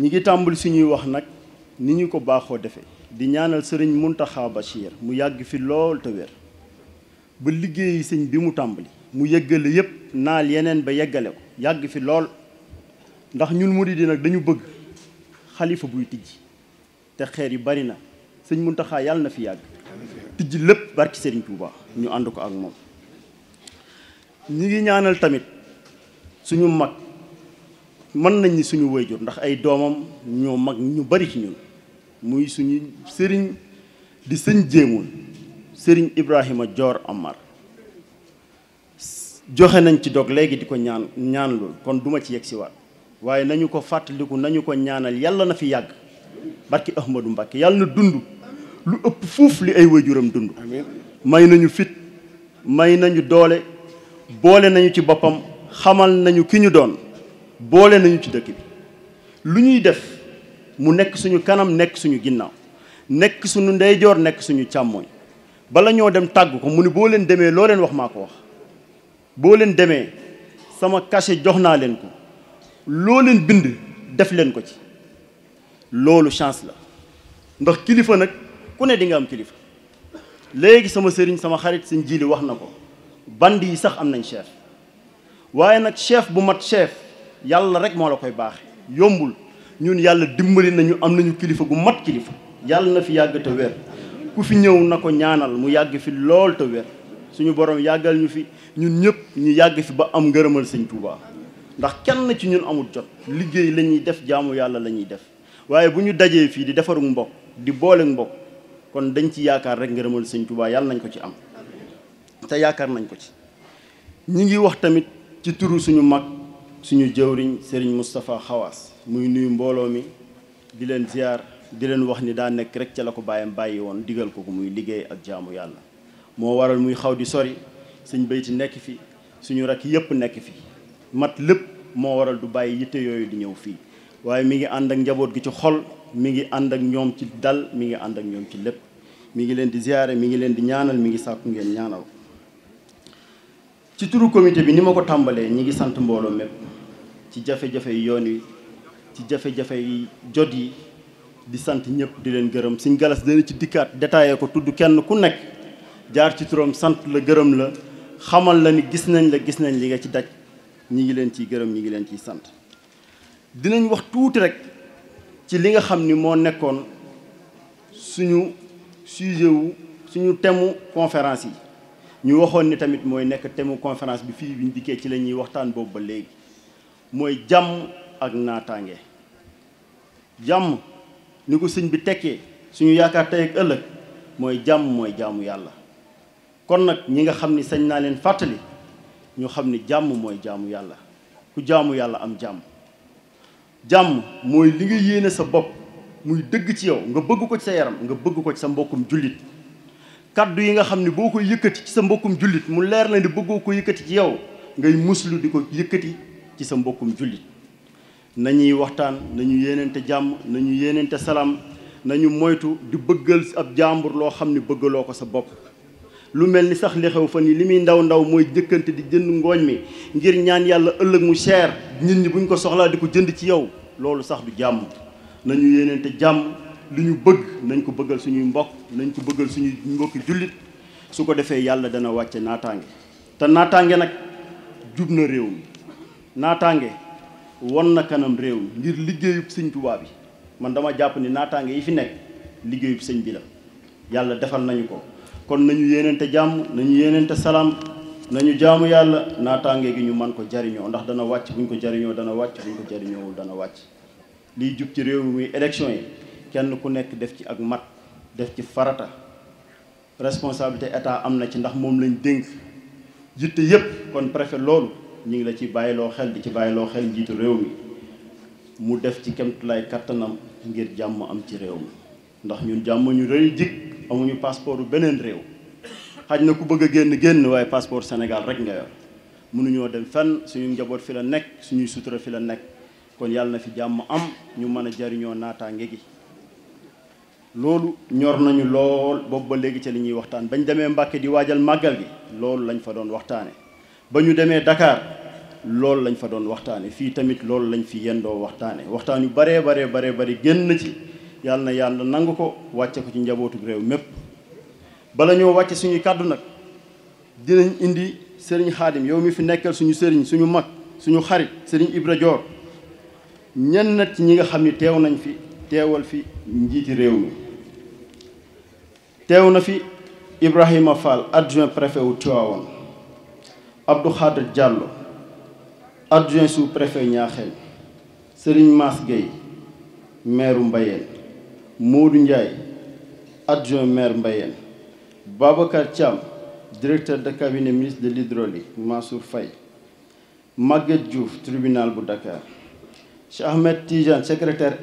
ñi ngi tàmbali suñuy wax nag ni ñu ko baaxoo defee di ñaanal sëriñ Muntaxa Bachir mu yàgg fi lool te ba liggéeyi sëñ bi mu tàmbali mu yeggale yépp naal yeneen ba yeggale ko yàgg fi lool ndax ñun murid yi nag dañu bëgg xalifa buy tijji te xeer yi bari na sëñ Muntaxa yàlla na fi yàgg tijji lépp barki sëriñ baax ñu ànd ko ak moom ñi ngi ñaanal tamit suñu mag mën nañ ni suñu wayjur ndax ay doomam ñoo mag ñu bari ci ñun muy suñu sëriñ di sëñ jéemul sëriñ Ibrahima Dior Amar joxe nañ ci dog léegi di ko ñaan ñaan lool kon duma ci yegg si waaye nañu ko fàttaliku nañu ko ñaanal yàlla na fi yàgg barki Ahmadou Mbacke yàlla na dund lu ëpp fuuf li ay waajuram dund may nañu fit may nañu doole boole nañu ci boppam xamal nañu ki ñu doon boole nañu ci dëkk bi lu ñuy def mu nekk suñu kanam nekk suñu ginnaaw nekk suñu ndeyjoor nekk suñu càmmooñ bala ñoo dem tàgg ko mu ni boo leen demee loo leen wax maa ko wax boo leen demee sama cachet jox naa leen ko loo leen bind def leen ko ci loolu chance la ndax kilifa nag ku ne di nga am kilifa léegi sama sëriñ sama xarit seen jili wax na ko band yi sax am nañ chef waaye nag chef bu mat chef yàlla rek moo la koy baaxe yombul ñun yàlla dimbali nañu am nañu kilifa gu mat kilifa yàlla na fi yàgg te wér ku fi ñëw na ko ñaanal mu yàgg fi lool te wér suñu borom yàggal ñu fi ñun ñëpp ñu yàgg fi ba am ngërëmal sëñ Touba ndax kenn ci ñun amul jot liggéey la ñuy def jaamu yàlla la ñuy def waaye bu ñu dajee fii di defarug mbokk di boole mbokk kon dañ ci yaakaar rek ngërëmal sëñ Touba yàlla nañ ko ci am te yaakaar nañ ko ci ñi ngi wax tamit mag suñu jëwriñ Serigne Moustapha Xawaas muy nuyu mbooloo mi di leen ziar di leen wax ni daa nekk rek ca la ko bàyyam bàyyi woon digal ko ko muy liggéey ak jaamu yàlla moo waral muy xaw di sori suñ ci nekk fi suñu rakk yëpp nekk fi mat lépp moo waral du bàyyi yitte yooyu di ñëw fii waaye mi ngi ànd ak njaboot gi ci xol mi ngi ànd ak ñoom ci dal mi ngi ànd ak ñoom ci lépp mi ngi leen di ziare mi ngi leen di ñaanal mi ngi sàkku ngeen ñaanal ci turu comité bi ni ma ko tàmbalee ñi ngi sant mbooloo mépp ci jafe-jafe yi yoon wi ci jafe-jafe yi jot yi di sant ñëpp di leen gërëm suñ galas dana ci dikkaat détaillé ko tudd kenn ku nekk jaar ci turam sant la gërëm la xamal la ni gis nañ la gis nañ li nga ci daj ñi ngi leen ciy gërëm ñi ngi leen ciy sant dinañ wax tuuti rek ci li nga xam ni moo nekkoon suñu sujet wu suñu temu conférence yi ñu waxoon ni tamit mooy nekk thème conférence bi fii bi ñu ci la ñuy waxtaan boobu ba léegi mooy jàmm ak naataange jàmm ni ko sëñ bi tekkee suñu yaakaar tey ak ëllëg mooy jàmm mooy jaamu yàlla kon nag ñi nga xam ni sañ naa leen fàttali ñu xam ni jàmm mooy jaamu yàlla ku jaamu yàlla am jàmm jàmm mooy li nga yéene sa bopp muy dëgg ci yow nga bëgg ko ci sa yaram nga bëgg ko ci sa mbokkum jullit kàddu yi nga xam ne boo koy yëkkati ci sa mbokkum jullit mu leer la ne bëggoo ko yëkkati ci yow ngay muslu di ko yëkkati ci sa mbokkum jullit nañuy waxtaan nañu yéeneente jàmm nañu yéeneente salaam nañu moytu di bëggal ab jàmbur loo xam ni bëggaloo ko sa bopp lu mel ni sax lexew fa fan li muy ndaw ndaw mooy jëkkante di jënd ngooñ mi ngir ñaan yàlla ëllëg mu cher nit ñi buñ ko soxlaa di ko jënd ci yow loolu sax du jàmm nañu yéeneente jàmm li ñu bëgg nañ ko bëggal suñuy mbokk nañ ko bëggal suñuy mbokki jullit su ko defee yàlla dana wàcce naataange te naataange nag jub na réew mi naataange won na kanam réew mi ngir liggéeyub sëñ Tuubaa bi man dama jàpp ni naataange yi fi nekk liggéeyub sëñ bi la yàlla defal nañu ko kon nañu te jàmm nañu te salaam nañu jaamu yàlla naataange gi ñu man ko jariñoo ndax dana wàcc buñ ko jariñoo dana wàcc buñ ko jariñoowul dana wàcc liy jub ci réew mi élection yi kenn ku nekk def ci ak mat def ci farata responsabilité état am na ci ndax moom lañ dénk yitte yépp kon prefet loolu ñu ngi la ci bàyyiloo xel di ci bàyyiloo xel njiitu réew mi mu def ci kemtulaay kattanam ngir jàmm am ci réew mi ndax ñun jàmm ñu rëy jig amuñu passeport beneen réew xaj na ku bëgg a génn génn waaye passeport Sénégal rek nga yor mënuñoo dem fenn suñu njaboot fi la nekk suñuy sutura fi la nekk kon yàlla na fi jàmm am ñu mën a jariñoo naataange gi loolu ñor nañu lool boobu ba léegi ca li ñuy waxtaan bañ demee Mbàkke di waajal màggal gi loolu lañ fa doon waxtaane ba ñu demee dakaar loolu lañ fa doon waxtaane fii tamit loolu lañ fi doo waxtaane waxtaan yu baree baree bare bari génn ci yàlla na yàlla nangu ko wàcce ko ci njabootu réew mépp bala ñoo wàcce suñuy kàddu nag dinañ indi sëriñ xaadim yow mi fi nekkal suñu sëriñ suñu mag suñu xarit sëriñ Ibra Joor ñenn nag ci ñi nga xam ni teew nañ fi teewal njiiti réew mi teew na fi Ibrahima Fall adjoint préfet wu Tivaouane Abdou Khadre Diallo adjoint sous préfet Niakhène Serigne Mass Gueye maire Mbayeen Modou Ndiaye adjoint maire Mbayeen Babacar Thiam directeur de cabinet ministre de l'hydraulique Mansour Faye Maguette Diouf tribunal bu Dakar Cheikh Ahmed Tidiane secrétaire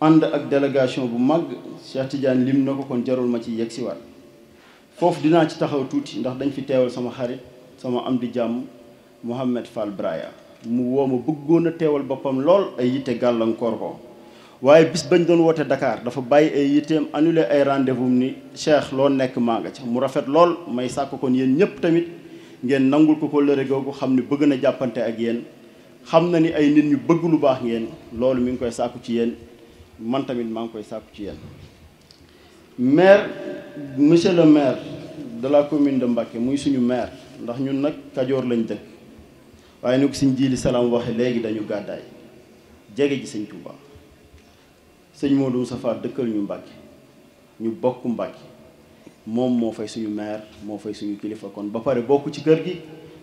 ànd ak délégation bu mag Cheikh Tidiane lim na ko kon jarul ma ci yegsi si waat foofu dinaa ci taxaw tuuti ndax dañ fi teewal sama xarit sama am di jàmm Mouhamed Fall Braya mu woo ma bëggoon a teewal boppam lool ay yitte gàllankoor ko waaye bis bañ doon woote Dakar dafa bàyyi ay yitteem annulé ay rendez-vous ni Cheikh loo nekk maa nga ca mu rafet lool may sàkk kon yéen ñëpp tamit ngeen nangul ko ko lëre googu xam ni bëgg na jàppante ak yéen xam na ni ay nit ñu bëgg lu baax ngeen loolu mi ngi koy sàkku ci yéen man tamit maa ngi koy sàkku ci yéen maire monsieur le maire de la commune de Mbacké muy suñu maire ndax ñun nag Kajoor lañ dëkk waaye ni ko suñ jiili salaam waxee léegi dañu gàddaay jege ji sëñ Touba sëñ Modou Moustapha dëkkal ñu Mbacké ñu bokk Mbacké moom moo fay suñu maire moo fay suñu kilifa kon ba pare bokk ci kër gi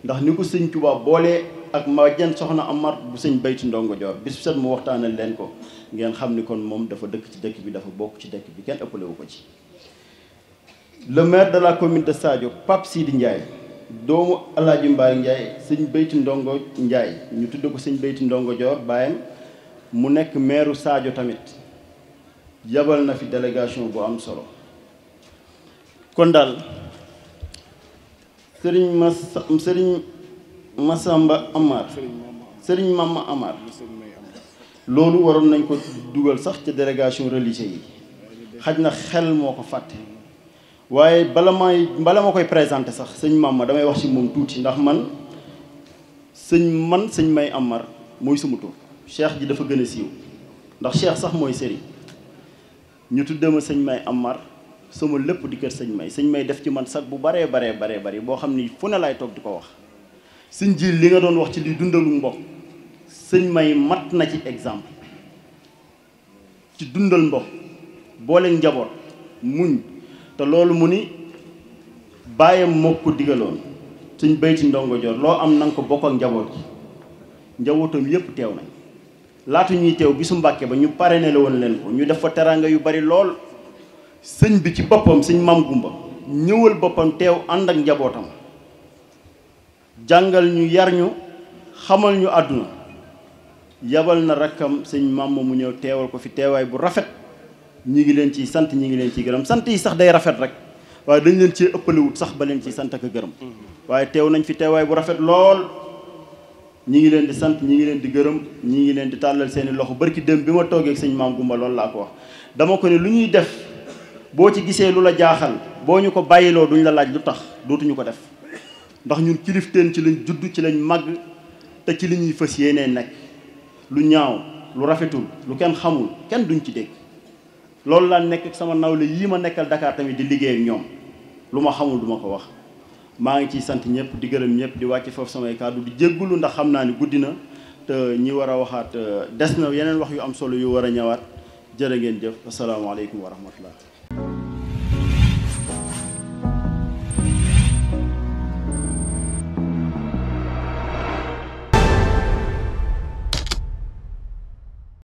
ndax ni ko sëñ Touba boolee ak Madiène Soxna Amar bu sëñ Baytu Ndongo Joor bis bu set mu waxtaanal leen ko ngeen xam ni kon moom dafa dëkk ci dëkk bi dafa bokk ci dëkk bi kenn ëppale wu ko ci. le maire de la commune de Sadio Pape siidi Ndiaye doomu El Hadj Mbaye Ndiaye sëñ Baytu Ndongo Ndiaye ñu tudd ko sëñ Baytu Ndongo Joor bàyyam mu nekk maireu saajo tamit yabal na fi délégation bu am solo kon daal sëriñ ma sëriñ. Masamba Amar Serigne ma Amar loolu waroon nañ ko dugal sax ci délégation religieuse yi xaj na xel moo ko fàtte waaye bala may bala ma koy présenté sax sëñ maam ma damay wax ci moom tuuti ndax man sëñ man sëñ May Amar mooy sama tur cheikh ji dafa gën a siiw ndax cheikh sax mooy sëriñ ñu tuddee ma sëñ May Amar sama lépp di kër sëñ May sëñ May def ci man sax bu baree baree baree bari boo xam ni fu ne laay toog di ko wax. sëñ ji li nga doon wax ci li dundalu mbokk sëñ may mat na ci exemple ci dundal mbokk boole njaboot muñ te loolu mu ni bàyyam moo ko digaloon suñ bayti ndongo joor loo am na nga ko bokk ak njaboot gi njabootam yépp teew nañ laatu ñuy teew bisu mbàkke ba ñu parrainé la woon leen ko ñu def fa teraanga yu bari lool sëñ bi ci boppam sëñ maam gumba ñëwal boppam teew ànd ak njabootam jàngal ñu yar ñu xamal ñu àdduna yabal na rakkam sëñ Maam mu ñëw teewal ko fi teewaay bu rafet ñi ngi leen ciy sant ñi ngi leen ciy gërëm sant yi sax day rafet rek waaye dañ leen ci ëppalewut sax ba leen ciy sant ak gërëm waaye teew nañ fi teewaay bu rafet lool ñi ngi leen di sant ñi ngi leen di gërëm ñi ngi leen di tàllal seeni loxo barki dem bi ma toogee ak sëñ Maam Gumba loolu laa ko wax dama ko ne lu ñuy def boo ci gisee lu la jaaxal boo ñu ko bàyyiloo duñ la laaj lu tax dootuñu ko def ndax ñun kilifteen ci lañ judd ci lañ màgg te ci li ñuy fas yéenee nekk lu ñaaw lu rafetul lu kenn xamul kenn duñ ci dégg loolu laa nekk sama nawle yii ma nekkal dakaar tamit di liggéey ak ñoom lu ma xamul duma ko wax maa ngi ciy sant ñëpp di gërëm ñëpp di wàcc foofu samay kàddu di jéggulu ndax xam naa ni guddi na te ñi war a waxaat euh, des na yeneen wax yu am solo yu war a ñëwaat jërë ngeen jëf asalaamaaleykum wa rahmatullah